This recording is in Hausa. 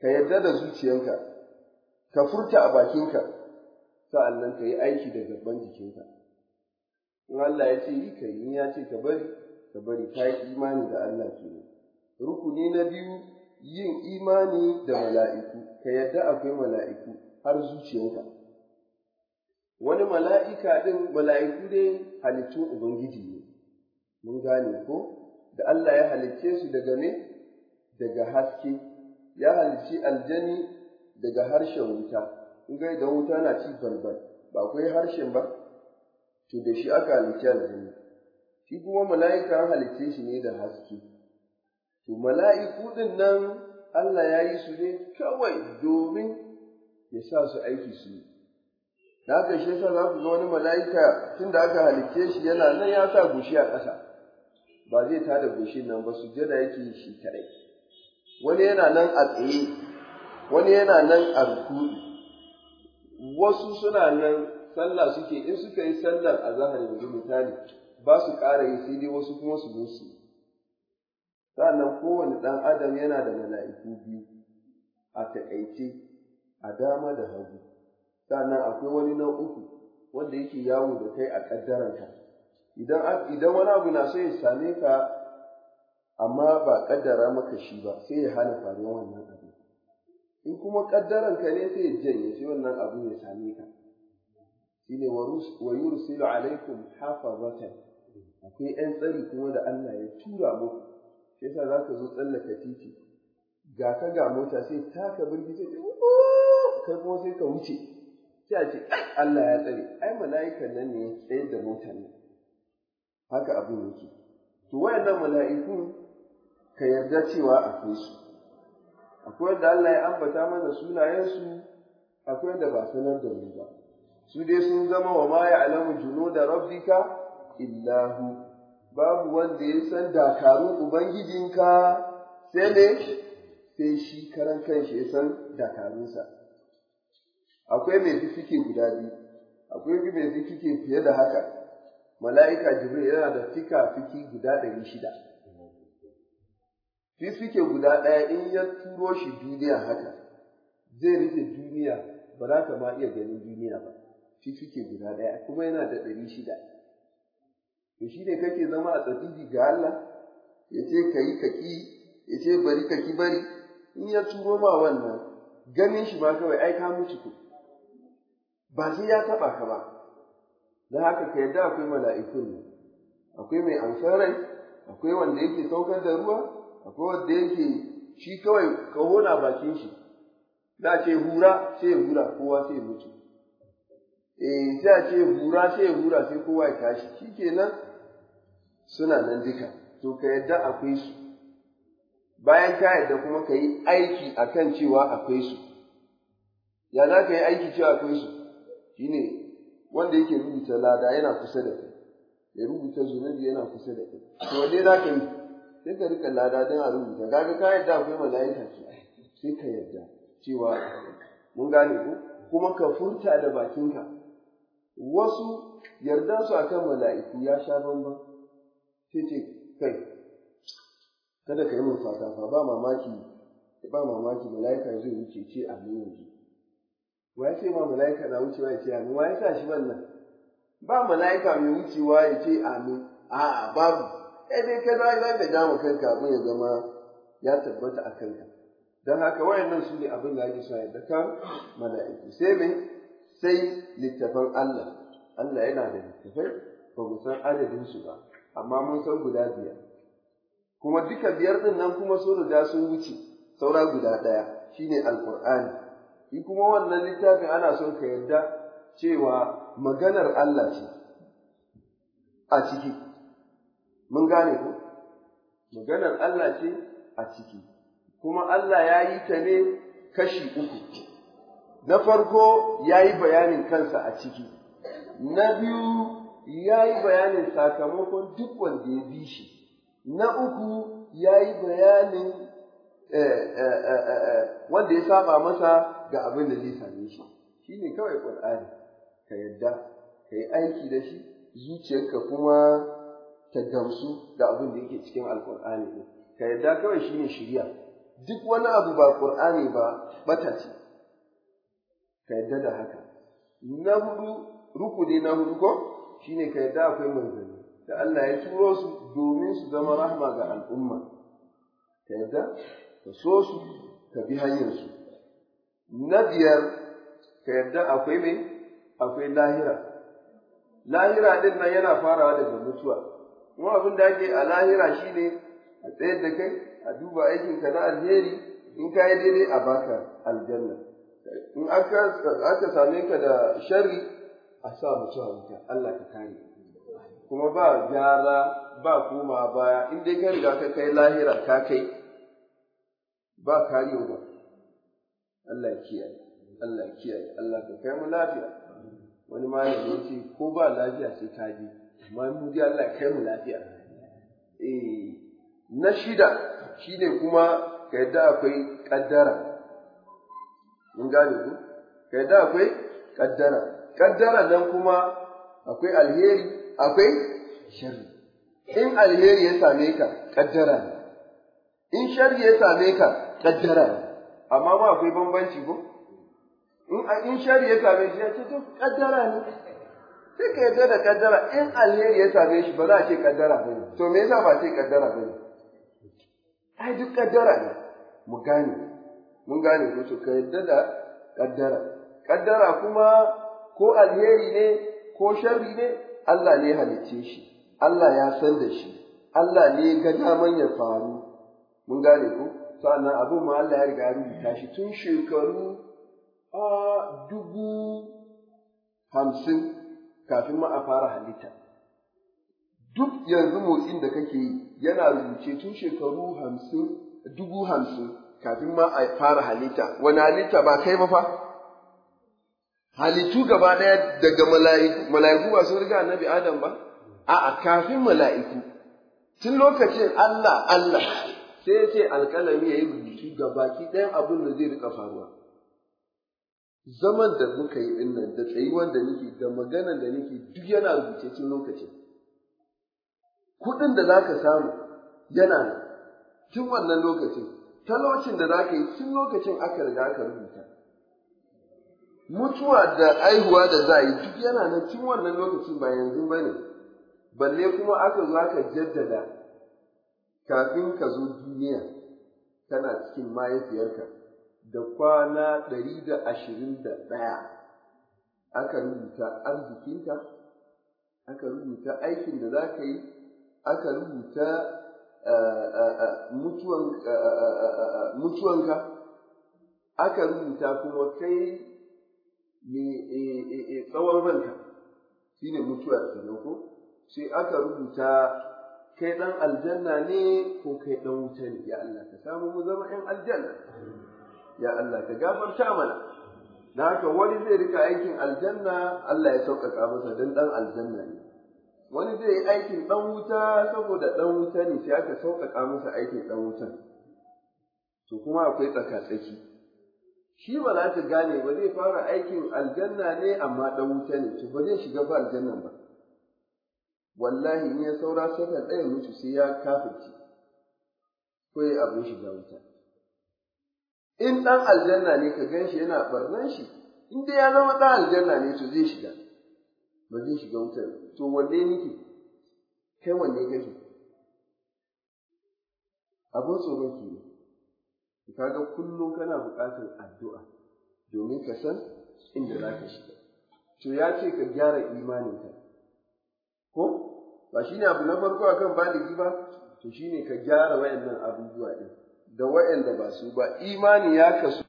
ka yarda da zuciyanka ka furta a bakinka nan ka yi aiki da gaban jikinka in Allah ya ce yi ka yi ya ce ka bari ka bari ka yi imani da Allah kenan rukuni na biyu yin imani da mala'iku ka yarda akwai mala'iku har zuciyanka wani mala'ika din mala'iku dai halittun ubangiji ne mun gane ko da Allah ya halicce su daga me daga haske ya halici aljani daga harshen wuta in ga idan wuta na ci balbal ba akwai harshen ba to da shi aka halici aljani shi kuma mala'ika an halice shi ne da haske to mala'iku din nan Allah ya yi su ne kawai domin ya sa su aiki su yi da haka shi yasa za ku ga wani mala'ika tun da aka halicce shi yana nan ya sa gushi a ƙasa ba zai tada gushin nan ba su jada yake shi kaɗai wani yana nan a tsaye wani yana nan a rukuri wasu suna nan sallah suke in suka yi sallar a zahar yanzu misali ba su ƙara yi sai dai wasu kuma su musu sannan kowane ɗan adam yana da mala'iku biyu a taƙaice a dama da hagu sannan akwai wani na uku wanda yake yawo da kai a ƙaddaranka idan wani abu na so ya same ka amma ba kaddara maka shi ba sai ya hana faruwar wannan abu in kuma kaddaran ka ne sai ya janye sai wannan abu ya same ka ne wa yursilu alaikum hafazatan akwai yan tsari kuma da Allah ya tura muku sai sa zaka zo tsallaka titi ga ka ga mota sai taka birgi sai kai kuma sai ka wuce sai a ce Allah ya tsare ai mala'ikan nan ne ya tsayar da motar ne. haka abin yake to wayannan mala'iku ka yarda cewa akwai su akwai wanda Allah ya ambata mana sunayensu akwai wanda ba sanar da mu ba su dai sun zama wa ma ya'lamu junuda rabbika illahu babu wanda ya san dakarun ubangijinka sai ne sai shi karan kanshi ya san dakarunsa akwai mai fifike guda biyu akwai mai fifike fiye da haka mala'ika jibril yana da fika fiki guda ɗari shida fifike guda ɗaya in ya turo shi duniya haka zai rufe duniya ba za ka ma iya ganin duniya ba fifike guda ɗaya kuma yana da ɗari shida to shi ne kake zama a tsatigi ga Allah ya ce ka yi ka ya ce bari ka bari in ya turo ba wannan ganin shi ba kawai ai ka mutu ku. ba sai ya taɓa ka ba don haka ka yarda akwai mala'ikun ne akwai mai amsharai akwai wanda yake saukar da ruwa akwai wanda yake shi kawai kawo na bakin shi da ce hura sai hura kowa sai mutu eh sai a ce hura sai hura sai kowa ya tashi shikenan suna nan duka to ka yadda akwai su bayan ka yadda kuma ka yi aiki akan cewa akwai su ya za ka yi aiki cewa akwai su shine wanda yake rubuta lada yana kusa da kai ya rubuta zunubi yana kusa da kai to dai za ka yi sai ka rika lada don a rubuta kaga ka yarda akwai mala'ika ce sai ka yarda cewa mun gane ku kuma ka furta da bakinka wasu yarda su akan mala'iku ya sha bamban sai ce kai kada ka yi min fata fa ba mamaki ba mamaki mala'ika zai wuce ce a amin yanzu wa ya ce ma mala'ika na wucewa ya ce amin wa ya sa shi wannan ba mala'ika mai wucewa ya ce a amin a'a babu kai dai kai za ka dama kanka abin ya zama ya tabbata a kanka don haka wayannan su ne abin da ake so da kan mala'iku sai me sai littafan Allah Allah yana da littafai ba mu san adadin su ba amma mun san guda biyar kuma duka biyar din nan kuma sun riga sun wuce saura guda ɗaya shine alqur'ani in kuma wannan littafin ana son ka yarda cewa maganar Allah ce a ciki mun gane ku maganar Allah ce a ciki kuma Allah ya yi ta ne kashi uku na farko ya yi bayanin kansa a ciki na biyu ya yi bayanin sakamakon duk wanda ya bi shi na uku ya yi bayanin eh, eh, eh, wanda ya saba masa ga abin da zai same shi shi ne kawai ƙur'ani ka yadda ka yi aiki da shi zuciyarka kuma ta gamsu da abin da yake cikin alkur'ani ne ka yadda kawai shine shirya duk wani abu ba qur'ani ba bata ce ka yadda da haka na hudu dai na hudu ko shine ka yadda akwai manzanni da Allah ya turo su domin su zama rahma ga al'umma ka yadda ka so su ka bi hanyar su na biyar ka yadda akwai mai akwai lahira lahira din nan yana farawa daga mutuwa kuma abin da ake a lahira shine a tsayar da kai a duba aikin ka na alheri in ka yi daidai a baka aljanna in aka same ka da sharri a sa mutu a wuta Allah ka kare kuma ba gyara ba koma baya in dai ka riga ka kai lahira ka kai ba karewa ba Allah ya kiyaye Allah ya kiyaye Allah ka kai mu lafiya wani malami ya ce ko ba lafiya sai ka je amma mu dai Allah kai mu lafiya eh na shida shine kuma ka yadda akwai kaddara mun gane ku ka yadda akwai kaddara kaddara nan kuma akwai alheri akwai sharri in alheri ya same ka kaddara ne in sharri ya same ka kaddara ne amma ma akwai bambanci ko in in sharri ya same shi ya ce to kaddara ne Suka ka yarda da kaddara in alheri ya same shi ba za a ce kaddara ba ne to me yasa ba ce kaddara ba ne ai duk kaddara ne mu gane mun gane ko to ka yarda da kaddara kaddara kuma ko alheri ne ko sharri ne Allah ne halicce shi Allah ya san da shi Allah ne ga daman ya faru mun gane ko sa'annan abu ma Allah ya riga ya rubuta shi tun shekaru a ah, dubu hamsin kafin ma a fara halitta. Duk yanzu motsin da kake yi yana rubuce tun shekaru hamsin, dubu hamsin kafin ma a fara halitta, wani halitta ba kai ba fa? Halittu gaba ɗaya daga mala'iku, mala'iku ba sun riga annabi Adam ba? A'a, kafin mala'iku, tun lokacin Allah, Allah, sai ya ce alƙalami ya yi rubutu ga baki ɗayan abin da zai rika faruwa. zaman da muka yi nan da tsayuwan da nake da magana da nake duk yana rubuce cikin lokaci kuɗin da zaka samu yana tun wannan lokacin talaucin da zaka yi tun lokacin aka riga aka rubuta mutuwa da aihuwa da za yi duk yana nan tun wannan lokacin ba yanzu ba ne balle kuma aka zo aka jaddada kafin ka zo duniya kana cikin mahaifiyarka da kwana ɗari da ashirin da ɗaya aka rubuta arzikinka, aka rubuta aikin da za ka yi, aka rubuta mutuwanka, aka rubuta kuma kai mai tsawon ranka shi ne mutuwar ko sai aka rubuta kai ɗan aljanna ne ko kai ɗan wuta ne ya Allah ka samu mu zama ‘yan aljanna. ya Allah ka gafarta mana da haka wani zai rika aikin aljanna Allah ya sauƙaƙa masa don ɗan aljanna ne wani zai yi aikin ɗan wuta saboda ɗan wuta ne sai aka sauƙaƙa masa aikin ɗan wutan to kuma akwai tsakatsaki shi ba za ka gane ba zai fara aikin aljanna ne amma ɗan wuta ne to ba zai shiga ba aljannan ba wallahi in ya saura sai ka ɗaya mutu sai ya kafirci ko ya abin shiga wuta in ɗan aljanna ne ka gan shi yana barnan shi in dai ya zama ɗan aljanna ne to zai shiga ba zai shiga wutar to wanne nike kai wanne kake abin tsoron ke ne Ka ga kullum kana buƙatar addu'a domin ka san inda za ka shiga to ya ce ka gyara imaninka ko ba shine abu na farko akan baligi ba to shine ka gyara wayannan abubuwa ɗin da wayanda ba su ba imani ya kasu